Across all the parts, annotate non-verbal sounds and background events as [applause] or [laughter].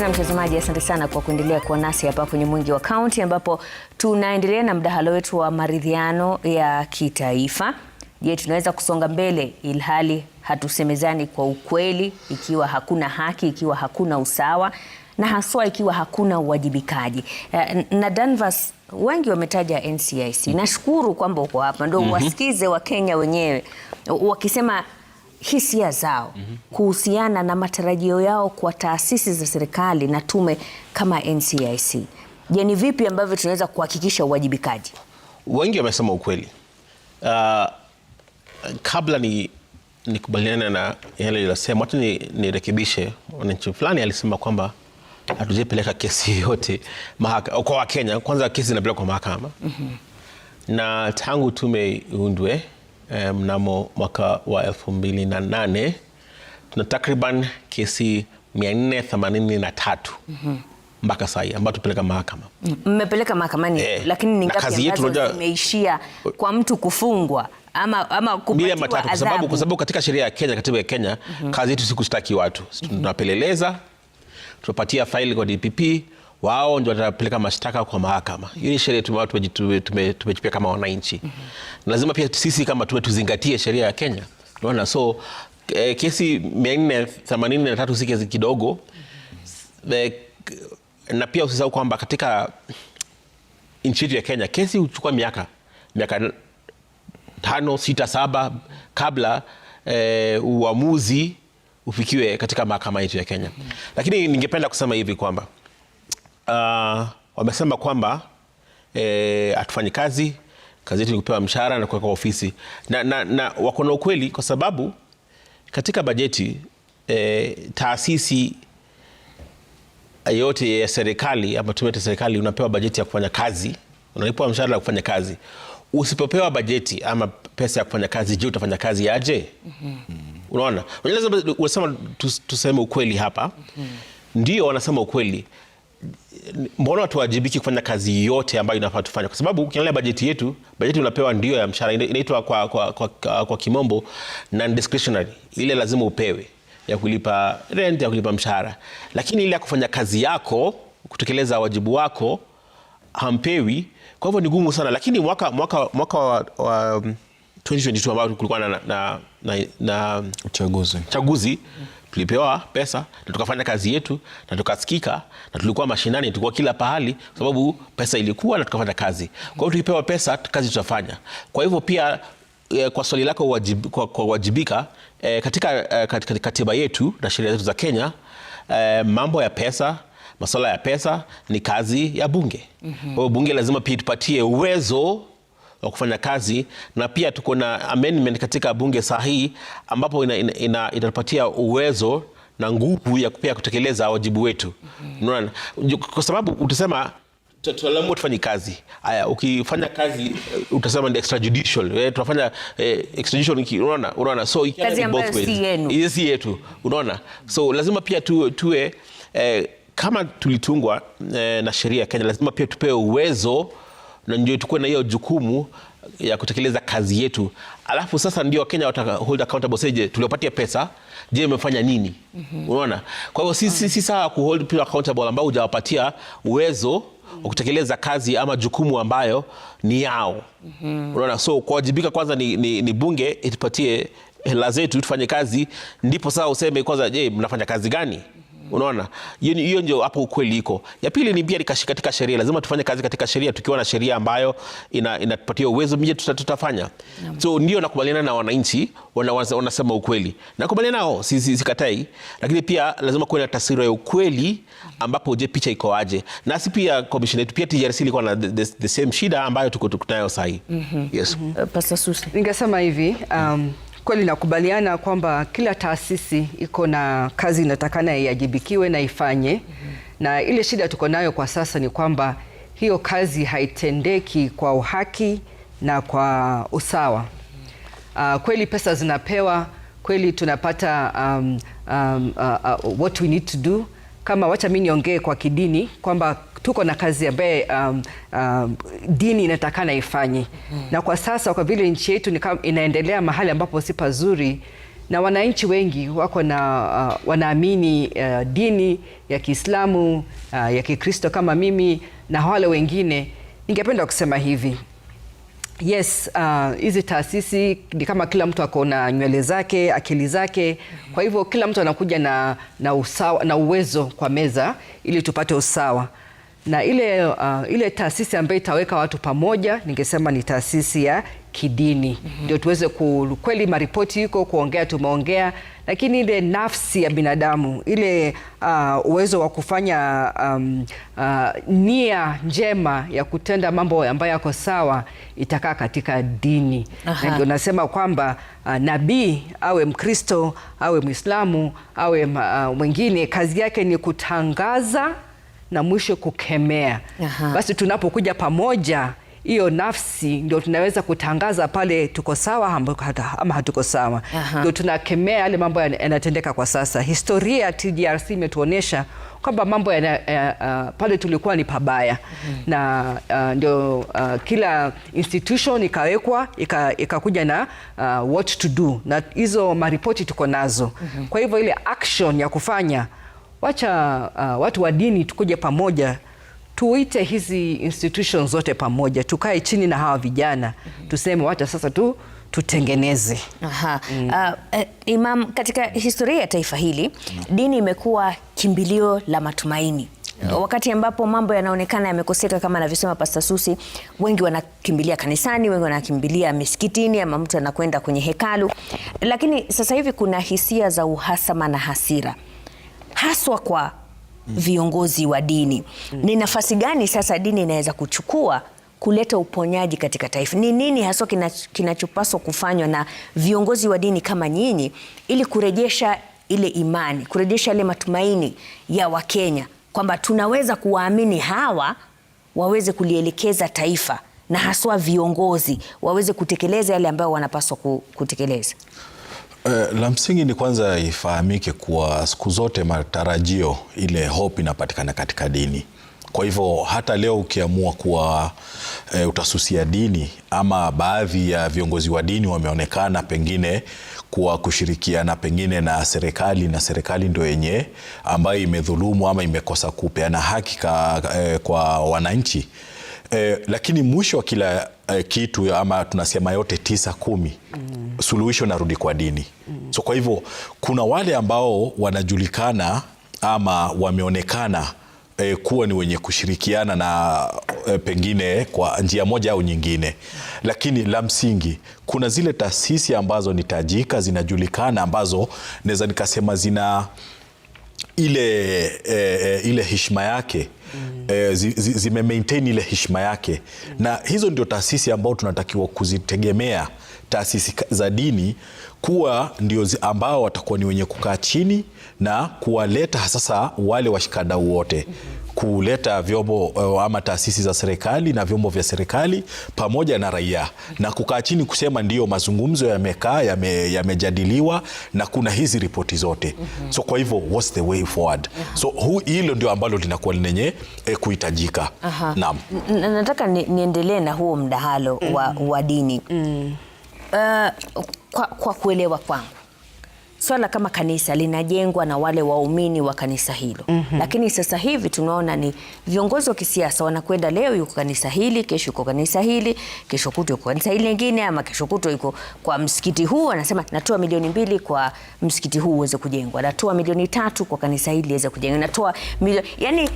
tena mtazamaji, asante sana kwa kuendelea kuwa nasi hapa kwenye Mwingi wa Kaunti, ambapo tunaendelea na mdahalo wetu wa maridhiano ya kitaifa. Je, tunaweza kusonga mbele ilhali hatusemezani kwa ukweli, ikiwa hakuna haki, ikiwa hakuna usawa na haswa ikiwa hakuna uwajibikaji. Eh, na Danvas, wengi wametaja NCIC. Nashukuru kwamba uko hapa ndio mm -hmm. wasikize Wakenya wenyewe wakisema hisia zao mm -hmm. kuhusiana na matarajio yao kwa taasisi za serikali na tume kama NCIC. Je, ni vipi ambavyo tunaweza kuhakikisha uwajibikaji? Wengi wamesema ukweli. Uh, kabla ni nikubaliana na yale aliyosema, hata nirekebishe wananchi fulani alisema kwamba hatujaipeleka kesi yote mahakama kwa Wakenya. Kwanza kesi inapelekwa kwa mahakama mm -hmm. na tangu tume iundwe eh, mnamo mwaka wa 2008 tuna takriban kesi 483 mm -hmm. mpaka saa hii ambayo tupeleka mahakama. Mmepeleka mahakamani eh, lakini ni ngapi ambazo zimeishia kwa mtu kufungwa ama, ama kupatiwa kwa sababu, kwa sababu katika sheria ya Kenya, katiba ya Kenya mm -hmm. kazi yetu si watu mm -hmm. tunapeleleza tunapatia faili kwa DPP wao ndio watapeleka mashtaka kwa mahakama. Hii ni sheria tumejipia kama wananchi mm -hmm. Lazima pia sisi kama tuwe tuzingatie sheria ya Kenya, unaona so e, kesi 483 si kesi kidogo mm -hmm. e, na pia usisahau kwamba katika nchi yetu ya Kenya kesi huchukua miaka miaka tano sita saba kabla e, uamuzi ufikiwe katika mahakama yetu ya Kenya mm -hmm. Lakini ningependa kusema hivi kwamba uh, wamesema kwamba e, kazi kazi yetu ni kupewa mshahara na kuweka ofisi na, na, na wako na ukweli kwa sababu katika bajeti e, taasisi yote ya serikali ama tumeta serikali unapewa bajeti ya kufanya kazi, unalipwa mshahara ya kufanya kazi. Usipopewa bajeti ama pesa ya kufanya kazi, je, utafanya kazi yaje mm -hmm. Unaona, unasema tuseme ukweli hapa. mm -hmm. Ndio wanasema ukweli mbona hatuwajibiki kufanya kazi yote ambayo inafaa Kwa sababu ukiangalia bajeti yetu, bajeti unapewa ndio ya mshahara, inaitwa kwa, kwa, kwa, kwa, kwa kimombo non discretionary, ile lazima upewe ya kulipa rent, ya kulipa mshahara, lakini ile ya kufanya kazi yako, kutekeleza wajibu wako hampewi. Kwa hivyo ni gumu sana, lakini mwaka, mwaka, mwaka wa, wa 2022 um, ambao kulikuwa na, na, na, na chaguzi, chaguzi tulipewa pesa na tukafanya kazi yetu na tukasikika na tulikuwa mashinani, tulikuwa kila pahali, kwa sababu pesa ilikuwa na tukafanya kazi. Kwa hiyo tukipewa pesa, kazi tutafanya. Kwa hivyo pia eh, kwa swali lako wajib, kwa, kwa wajibika eh, katika eh, katiba yetu na sheria zetu za Kenya mambo ya pesa masuala ya pesa ni kazi ya bunge. Mhm. Kwa hiyo bunge lazima pia tupatie uwezo wa kufanya kazi, na pia tuko na amendment katika bunge saa hii ambapo inatupatia ina, ina, ina uwezo na nguvu ya pia kutekeleza wajibu wetu mm -hmm. Kwa sababu utasema tunalamua tufanye kazi haya, ukifanya kazi utasema ni extrajudicial eh, tunafanya eh, extrajudicial, unaona unaona, so kazi ambayo si yenu si yetu, unaona, so lazima pia tuwe, tuwe eh, kama tulitungwa eh, na sheria ya Kenya, lazima pia tupewe uwezo na ndio tukuwe na hiyo jukumu ya kutekeleza kazi yetu, alafu sasa ndio Wakenya wata hold accountable, seje tuliopatia pesa, je, umefanya nini? mm -hmm. Unaona, kwa hivyo si, si, si sawa ku hold people accountable ambao hujawapatia uwezo wa kutekeleza kazi ama jukumu ambayo ni yao. mm -hmm. Unaona, so kuwajibika kwanza ni, ni, ni bunge itupatie hela zetu tufanye kazi, ndipo sasa useme kwanza, je, mnafanya kazi gani? Unaona, hiyo ndio hapo ukweli iko. Ya pili ni pia katika sheria, lazima tufanye kazi katika sheria. Tukiwa na sheria ambayo inatupatia ina uwezo mje, tutafanya so. Ndio nakubaliana na wananchi wanasema ukweli, nakubaliana nao, sikatai si, si, lakini pia lazima kuwe na taswira ya ukweli ambapo je, picha iko aje, na si pia commission yetu pia TRC ilikuwa na the, the, the same shida ambayo tuko sahii. mm -hmm. Yes. mm -hmm. uh, Susan, ningesema hivi um, mm-hmm Kweli nakubaliana kwamba kila taasisi iko na kazi inatakana iajibikiwe na ifanye. mm -hmm. Na ile shida tuko nayo kwa sasa ni kwamba hiyo kazi haitendeki kwa uhaki na kwa usawa. Uh, kweli pesa zinapewa kweli tunapata um, um, uh, uh, what we need to do kama, wacha mimi niongee kwa kidini kwamba tuko na kazi ambaye um, um, dini inatakana ifanye mm. Na kwa sasa kwa vile nchi yetu inaendelea mahali ambapo si pazuri na wananchi wengi wako na uh, wanaamini uh, dini ya Kiislamu uh, ya Kikristo kama mimi na wale wengine, ningependa kusema hivi yes, uh, hizi uh, taasisi ni kama kila mtu ako na nywele zake, akili zake. Kwa hivyo kila mtu anakuja na, na, usawa, na uwezo kwa meza ili tupate usawa na ile, uh, ile taasisi ambayo itaweka watu pamoja ningesema ni taasisi ya kidini mhm. ndio, mm -hmm. tuweze kweli, maripoti yuko kuongea, tumeongea, lakini ile nafsi ya binadamu ile uh, uwezo wa kufanya um, uh, nia njema ya kutenda mambo ambayo yako sawa itakaa katika dini. Aha. Na ndio nasema kwamba uh, nabii awe Mkristo awe Mwislamu awe uh, mwingine, kazi yake ni kutangaza na mwisho kukemea. Aha. Basi tunapokuja pamoja hiyo nafsi ndio tunaweza kutangaza pale tuko sawa ama hatuko sawa. Ndio tunakemea yale mambo yanatendeka kwa sasa. Historia ya TDRC imetuonyesha kwamba mambo yana, uh, pale tulikuwa ni pabaya. mm -hmm. Na uh, ndio uh, kila institution ikawekwa ikakuja na uh, what to do na hizo maripoti tuko nazo. mm -hmm. Kwa hivyo ile action ya kufanya wacha uh, watu wa dini tukuje pamoja tuite hizi institutions zote pamoja, tukae chini na hawa vijana mm -hmm. Tuseme wacha sasa tu tutengeneze. Aha. Mm. Uh, eh, Imam, katika historia ya taifa hili mm. dini imekuwa kimbilio la matumaini yeah. Wakati ambapo mambo yanaonekana yamekoseka, kama anavyosema Pastor Susi, wengi wanakimbilia kanisani, wengi wanakimbilia misikitini, ama mtu anakwenda kwenye hekalu, lakini sasa hivi kuna hisia za uhasama na hasira haswa kwa viongozi wa dini. Mm. Ni nafasi gani sasa dini inaweza kuchukua kuleta uponyaji katika taifa? Ni nini haswa kinachopaswa kufanywa na viongozi wa dini kama nyinyi ili kurejesha ile imani, kurejesha ile matumaini ya Wakenya kwamba tunaweza kuwaamini hawa waweze kulielekeza taifa na haswa viongozi waweze kutekeleza yale ambayo wanapaswa kutekeleza? Eh, la msingi ni kwanza ifahamike kuwa siku zote matarajio, ile hope inapatikana katika dini. Kwa hivyo hata leo ukiamua kuwa e, utasusia dini ama baadhi ya viongozi wa dini wameonekana pengine kuwa kushirikiana pengine na serikali na serikali ndio yenye ambayo imedhulumu ama imekosa kupeana haki e, kwa wananchi Eh, lakini mwisho wa kila eh, kitu ama tunasema yote tisa kumi, mm. suluhisho narudi kwa dini mm. So kwa hivyo kuna wale ambao wanajulikana ama wameonekana eh, kuwa ni wenye kushirikiana na eh, pengine kwa njia moja au nyingine, lakini la msingi kuna zile taasisi ambazo ni tajika zinajulikana, ambazo naweza nikasema zina ile, eh, eh ile heshima yake mm. eh, zime maintain ile heshima yake mm. na hizo ndio taasisi ambao tunatakiwa kuzitegemea taasisi za dini kuwa ndio ambao watakuwa ni wenye kukaa chini na kuwaleta sasa wale washikadau wote mm -hmm kuleta vyombo eh, ama taasisi za serikali na vyombo vya serikali pamoja na raia na kukaa chini kusema ndiyo, mazungumzo yamekaa yamejadiliwa, na kuna hizi ripoti zote mm -hmm. So kwa hivyo what's the way forward yeah. Mhm. So hilo ndio ambalo linakuwa lenye e, kuhitajika. Naam, nataka niendelee na huo mdahalo mm -hmm. wa, wa dini mm -hmm. uh, kwa, kwa kuelewa kwangu swala kama kanisa linajengwa na wale waumini wa kanisa hilo mm -hmm. Lakini sasa hivi tunaona ni viongozi wa kisiasa wanakwenda, leo yuko kanisa hili, kesho yuko kanisa hili, kesho kuto yuko kanisa hili lingine, ama kesho kuto yuko kwa msikiti huu, anasema natoa milioni mbili kwa msikiti huu uweze kujengwa, natoa milioni tatu kwa kanisa hili liweze kujengwa, natoa milioni yani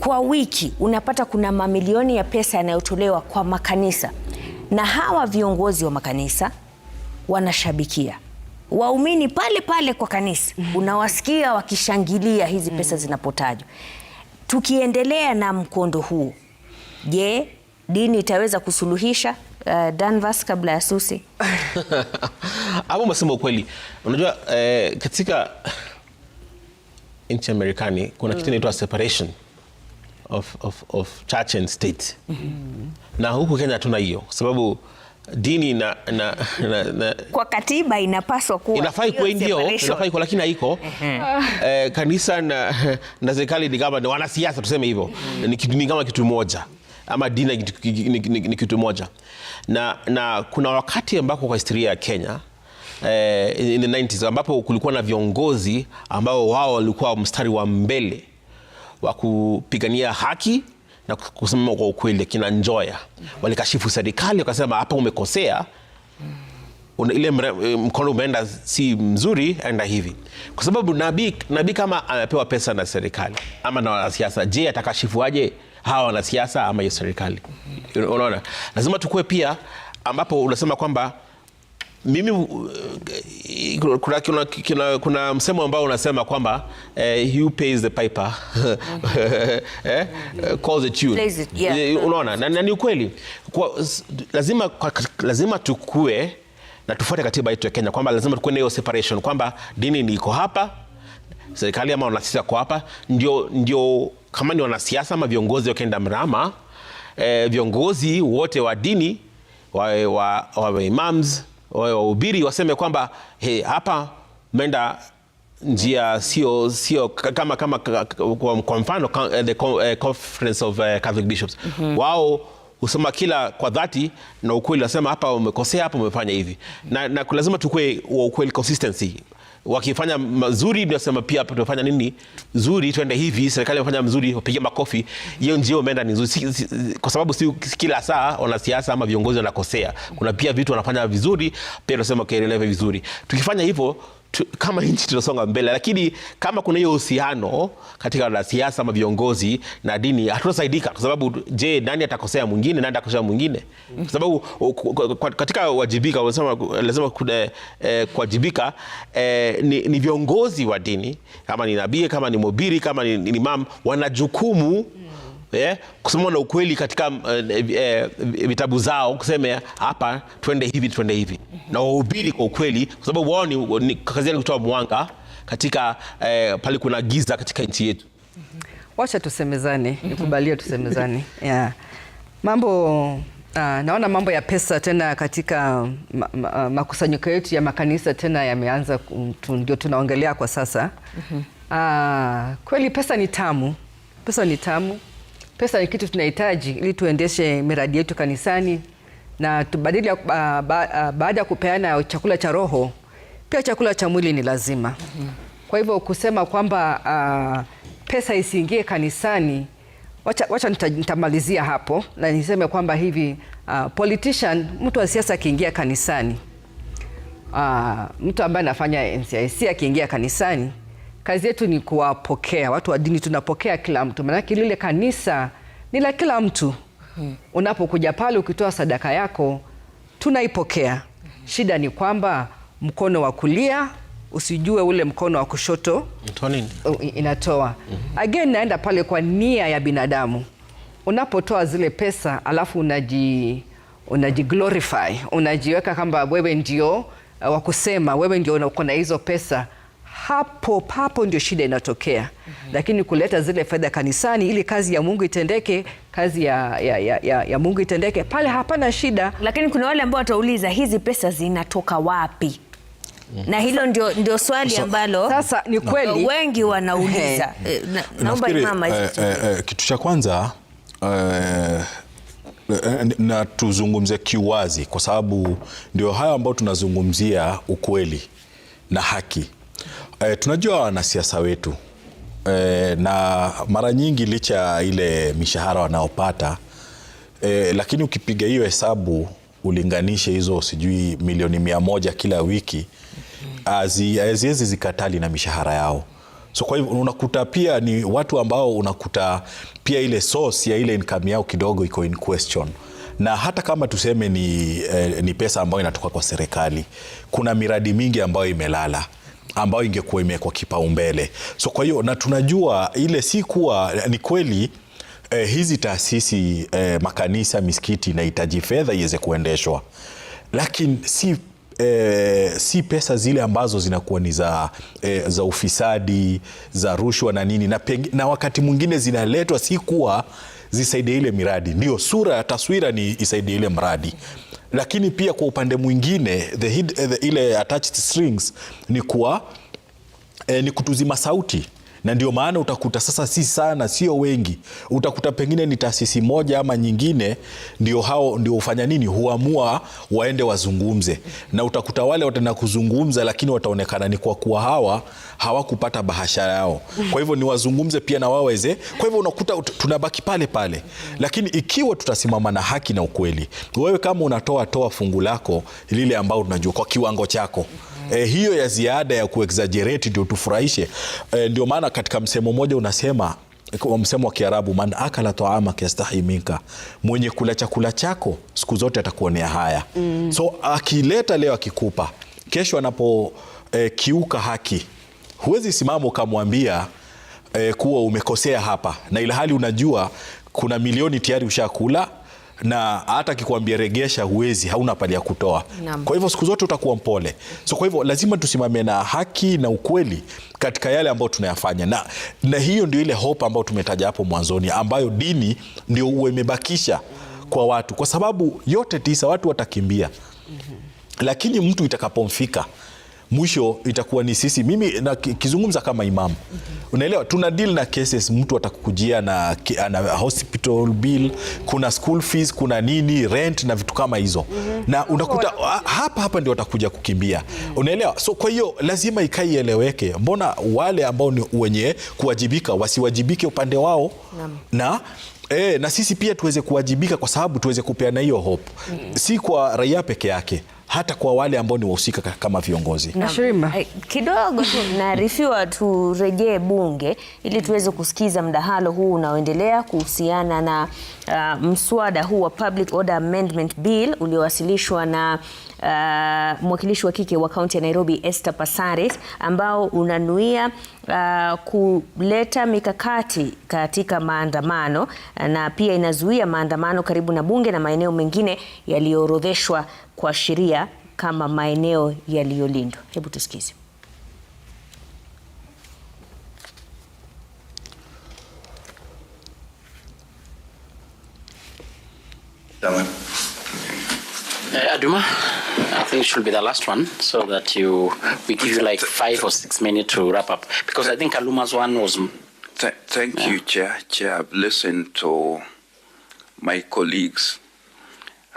kwa wiki unapata kuna mamilioni ya pesa yanayotolewa kwa makanisa na hawa viongozi wa makanisa wanashabikia waumini pale pale kwa kanisa unawasikia wakishangilia hizi pesa zinapotajwa. Tukiendelea na mkondo huu, je, dini itaweza kusuluhisha Uh, eh, Danvas kabla ya Susi [laughs] hapo umesema ukweli. Unajua eh, katika nchi ya Marekani kuna kitu inaitwa separation of, of, of church and state mm -hmm. Na huku Kenya hatuna hiyo kwa sababu dini na, na, na, na, kwa katiba inapaswa kuwa inafai kuwa ndio inafai kuwa, lakini haiko mhm. eh, kanisa na, na serikali ni kama wanasiasa tuseme hivyo mhm. ni kama kitu moja ama dini ni kitu moja na, na kuna wakati ambako kwa historia ya Kenya eh, in the 90s ambapo kulikuwa na viongozi ambao wao walikuwa mstari wa mbele wa kupigania haki na kusema kwa ukweli, kina Njoya walikashifu serikali wakasema, hapa umekosea ile eh, mkono umeenda si mzuri, enda hivi, kwa sababu nabii nabi kama amepewa pesa na serikali ama na wanasiasa, je, atakashifuaje hawa wanasiasa ama hiyo serikali? Unaona, lazima tukuwe pia ambapo unasema kwamba mimi uh, kuna, kuna, kuna, kuna msemo ambao unasema kwamba eh, who pays the piper [laughs] eh, calls tune yeah. Eh, unaona, na, na ni ukweli kwa, lazima, kwa, lazima tukue na tufuate katiba yetu ya Kenya kwamba lazima tukue na hiyo separation kwamba dini ni iko hapa, serikali ama wanasiasa kwa hapa, ndio, ndio kama ni wanasiasa ama viongozi wakienda mrama eh, viongozi wote wa dini wa, wa, wa, wa imams wahubiri waseme kwamba hey, hapa menda njia sio sio kama kama kwa mfano eh, the eh, conference of eh, Catholic bishops mm -hmm. wao husema kila kwa dhati na ukweli, wasema hapa umekosea, hapa umefanya hivi, na, na lazima tukue wa ukweli consistency wakifanya mazuri tunasema pia hapa tumefanya nini zuri, twende hivi, serikali imefanya mzuri, wapige makofi. Hiyo njia umeenda ni nzuri, kwa sababu si kila saa wanasiasa ama viongozi wanakosea. Kuna pia vitu wanafanya vizuri, pia tunasema kielelewe vizuri. Tukifanya hivyo tu, kama [laughs] nchi tunasonga mbele, lakini kama kuna hiyo uhusiano katika siasa ama viongozi na dini hatutasaidika, kwa sababu je, nani atakosea mwingine? Nani atakosea mwingine? Kwa sababu katika wajibika lazima eh, eh, kuwajibika eh, ni, ni viongozi wa dini, kama ni nabii, kama ni mubiri, kama ni, ni imam, wana jukumu yeah, kusema na ukweli katika vitabu eh, eh, vitabu zao kuseme hapa twende hivi twende hivi mm -hmm. na wahubiri kwa ukweli, kwa sababu wao ni kazi yao kutoa mwanga katika eh, pale kuna giza katika nchi yetu mm -hmm. Wacha tusemezane, mm-hmm. nikubalia tusemezane [laughs] yeah. mambo Uh, naona mambo ya pesa tena katika ma, ma, ah, makusanyiko yetu ya makanisa tena yameanza ndio tunaongelea kwa sasa. mm -hmm. Uh, kweli pesa ni tamu, pesa ni tamu. Pesa ni kitu tunahitaji ili tuendeshe miradi yetu kanisani na tubadili uh, ba, uh, baada ya kupeana chakula cha roho pia chakula cha mwili ni lazima. Mhm. Kwa hivyo kusema kwamba uh, pesa isiingie kanisani, wacha, wacha nitamalizia hapo na niseme kwamba hivi uh, politician, mtu wa siasa akiingia kanisani uh, mtu ambaye anafanya NCIC akiingia kanisani kazi yetu ni kuwapokea watu wa dini, tunapokea kila mtu, maanake lile kanisa ni la kila mtu. Hmm. Unapokuja pale ukitoa sadaka yako tunaipokea. Mhm. Shida ni kwamba mkono wa kulia usijue ule mkono wa kushoto inatoa. Mhm. Again, naenda pale kwa nia ya binadamu. Unapotoa zile pesa alafu unaji unaji glorify unajiweka kwamba wewe ndio uh, wa kusema, wewe ndio uko na hizo pesa hapo papo ndio shida inatokea. mm -hmm. Lakini kuleta zile fedha kanisani ili kazi ya Mungu itendeke, kazi ya, ya, ya, ya, ya Mungu itendeke pale, hapana shida. Lakini kuna wale ambao watauliza hizi pesa zinatoka wapi? Mm. na hilo ndio, ndio swali ambalo sasa ni kweli wengi wanauliza. Eh. Eh, naomba mama, eh, kitu cha kwanza eh, na tuzungumze kiwazi, kwa sababu ndio hayo ambayo tunazungumzia ukweli na haki. E, tunajua wanasiasa wetu e, na mara nyingi licha ile mishahara wanaopata e, lakini ukipiga hiyo hesabu ulinganishe hizo sijui milioni mia moja kila wiki haziwezi zikatali na mishahara yao. So kwa hivyo unakuta pia ni watu ambao unakuta pia ile source ya ile income yao kidogo iko in question, na hata kama tuseme ni, eh, ni pesa ambayo inatoka kwa serikali, kuna miradi mingi ambayo imelala ambayo ingekuwa imewekwa kipaumbele. So kwa hiyo na tunajua ile si kuwa ni kweli eh, hizi taasisi eh, makanisa, misikiti inahitaji fedha iweze kuendeshwa, lakini si E, si pesa zile ambazo zinakuwa ni za, e, za ufisadi za rushwa na nini na, peng, na wakati mwingine zinaletwa si kuwa zisaidie ile miradi, ndio sura ya taswira ni isaidie ile mradi, lakini pia kwa upande mwingine the, eh, the, ile attached strings ni kuwa eh, ni kutuzima sauti na ndio maana utakuta sasa, si sana, sio wengi, utakuta pengine ni taasisi moja ama nyingine, ndio hao ndio ufanya nini, huamua waende wazungumze, na utakuta wale wataenda kuzungumza, lakini wataonekana ni kwa kuwa hawa hawakupata bahasha yao, kwa hivyo ni wazungumze pia na waweze. Kwa hivyo unakuta tunabaki pale pale, lakini ikiwa tutasimama na haki na ukweli, wewe kama unatoa toa fungu lako lile ambao tunajua kwa kiwango chako E, hiyo ya ziada ya kuexagerate ndio tufurahishe. E, ndio maana katika msemo mmoja unasema msemo wa Kiarabu, man akala taama yastahi minka, mwenye kula chakula chako siku zote atakuonea haya. Mm. So akileta leo akikupa, kesho anapokiuka eh, e, haki, huwezi simama ukamwambia e, kuwa umekosea hapa, na ilhali unajua kuna milioni tayari ushakula na hata akikwambia regesha, huwezi, hauna pale ya kutoa. Kwa hivyo siku zote utakuwa mpole. So kwa hivyo lazima tusimame na haki na ukweli katika yale ambayo tunayafanya, na, na hiyo ndio ile hope ambayo tumetaja hapo mwanzoni, ambayo dini ndio uwe imebakisha kwa watu, kwa sababu yote tisa watu watakimbia, mhm. lakini mtu itakapomfika mwisho itakuwa ni sisi. Mimi kizungumza kama imam mm -hmm. Unaelewa, tuna deal na cases, mtu atakukujia na, na hospital bill, kuna school fees, kuna nini rent na vitu kama hizo mm -hmm. na unakuta ah, hapa hapa ndio watakuja kukimbia mm -hmm. Unaelewa, so kwa hiyo lazima ikaieleweke. Mbona wale ambao ni wenye kuwajibika wasiwajibike upande wao mm -hmm. na E, na sisi pia tuweze kuwajibika kwa sababu tuweze kupeana hiyo hope, mm. si kwa raia peke yake, hata kwa wale ambao ni wahusika kama viongozi. kidogo tu naarifiwa, turejee bunge ili tuweze kusikiza mdahalo huu unaoendelea kuhusiana na uh, mswada huu wa Public Order Amendment Bill uliowasilishwa na uh, mwakilishi wa kike wa kaunti ya Nairobi Esther Passaret ambao unanuia uh, kuleta mikakati katika maandamano uh, na pia inazuia maandamano karibu na bunge na maeneo mengine yaliyoorodheshwa kwa sheria kama maeneo yaliyolindwa. Hebu tusikize. Eh, Aduma it should be the last one so that you we give you like five or six minutes to wrap up because I think Aluma's one was. Th thank yeah. you, Chair. Chair, I've listened to my colleagues,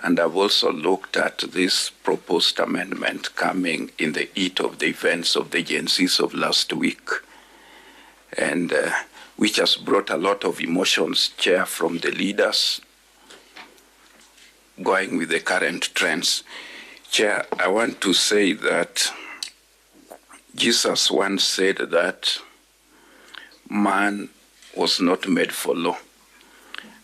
and I've also looked at this proposed amendment coming in the heat of the events of the agencies of last week, and uh, which has brought a lot of emotions, Chair, from the leaders going with the current trends. Chair, I want to say that Jesus once said that man was not made for law.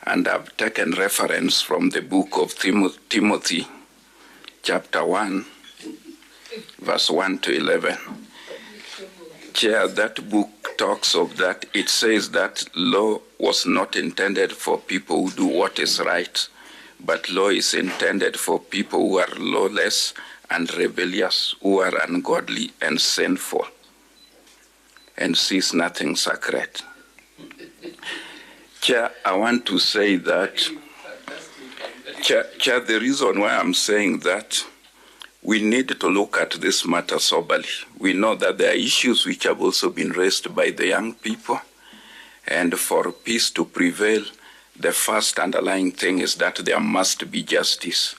And I've taken reference from the book of Timothy, chapter 1, verse 1 to 11. Chair, that book talks of that. It says that law was not intended for people who do what is right, but law is intended for people who are lawless and rebellious, who are ungodly and sinful, and sees nothing sacred. Chair, I want to say that. Chair, Chair, the reason why I'm saying that, we need to look at this matter soberly. We know that there are issues which have also been raised by the young people, and for peace to prevail, the first underlying thing is that there must be justice.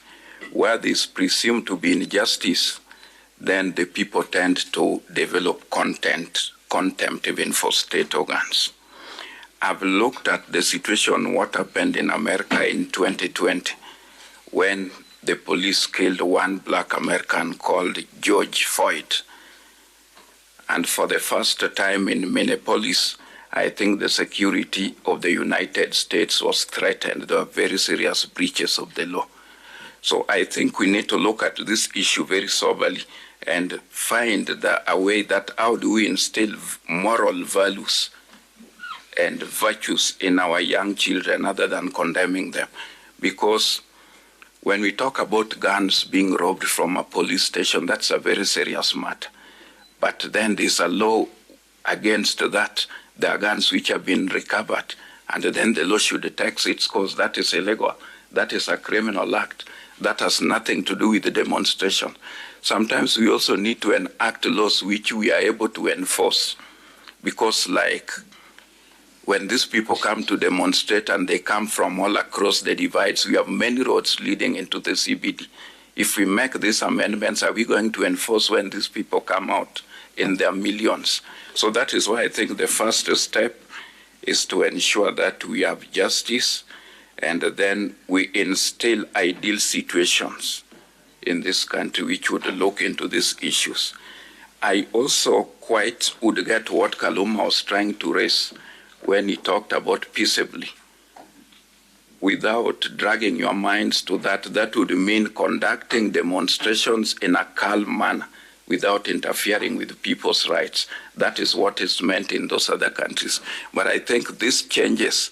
Where there is presumed to be injustice, then the people tend to develop content, contempt even for state organs. I've looked at the situation, what happened in America in 2020, when the police killed one black American called George Floyd. And for the first time in Minneapolis, I think the security of the United States was threatened. There were very serious breaches of the law. So I think we need to look at this issue very soberly and find the, a way that how do we instill moral values and virtues in our young children other than condemning them. Because when we talk about guns being robbed from a police station, that's a very serious matter. But then there's a law against that their guns which have been recovered, and then the law should tax its cost. That is illegal. That is a criminal act. That has nothing to do with the demonstration. Sometimes we also need to enact laws which we are able to enforce. Because, like, when these people come to demonstrate and they come from all across the divides, we have many roads leading into the CBD. If we make these amendments, are we going to enforce when these people come out? In their millions. So that is why I think the first step is to ensure that we have justice and then we instill ideal situations in this country which would look into these issues. I also quite would get what Kaluma was trying to raise when he talked about peaceably. Without dragging your minds to that, that would mean conducting demonstrations in a calm manner without interfering with people's rights. That is what is meant in those other countries. But I think these changes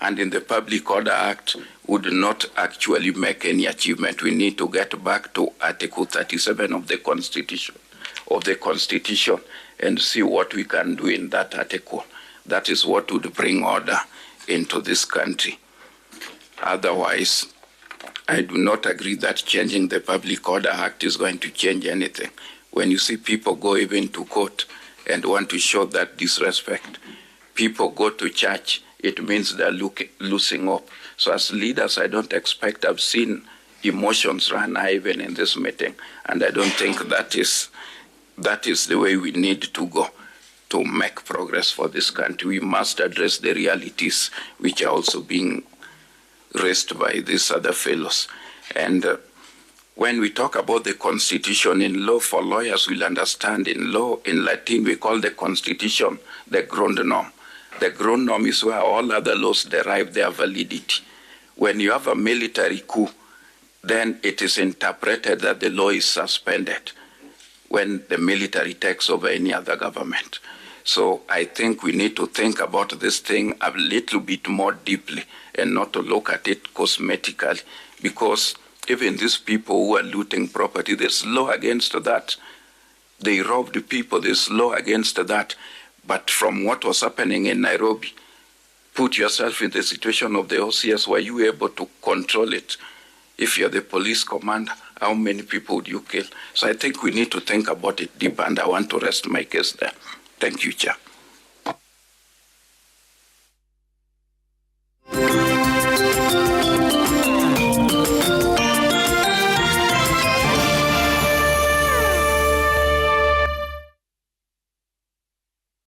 and in the Public Order Act would not actually make any achievement. We need to get back to Article 37 of the Constitution, of the Constitution, and see what we can do in that article. That is what would bring order into this country. Otherwise, I do not agree that changing the Public Order Act is going to change anything. When you see people go even to court and want to show that disrespect, people go to church, it means they're look, losing up. So, as leaders, I don't expect, I've seen emotions run high even in this meeting, and I don't think that is, that is the way we need to go to make progress for this country. We must address the realities which are also being raised by these other fellows. And uh, when we talk about the constitution in law, for lawyers will understand in law, in Latin, we call the constitution the ground norm The norm is where all other laws derive their validity. When you have a military coup, then it is interpreted that the law is suspended when the military takes over any other government. So I think we need to think about this thing a little bit more deeply and not to look at it cosmetically because even these people who are looting property, there's law against that. They robbed people, there's law against that. But from what was happening in Nairobi, put yourself in the situation of the OCS. Were you able to control it? If you're the police commander, how many people would you kill? So I think we need to think about it deep, and I want to rest my case there. Thank you, Jack.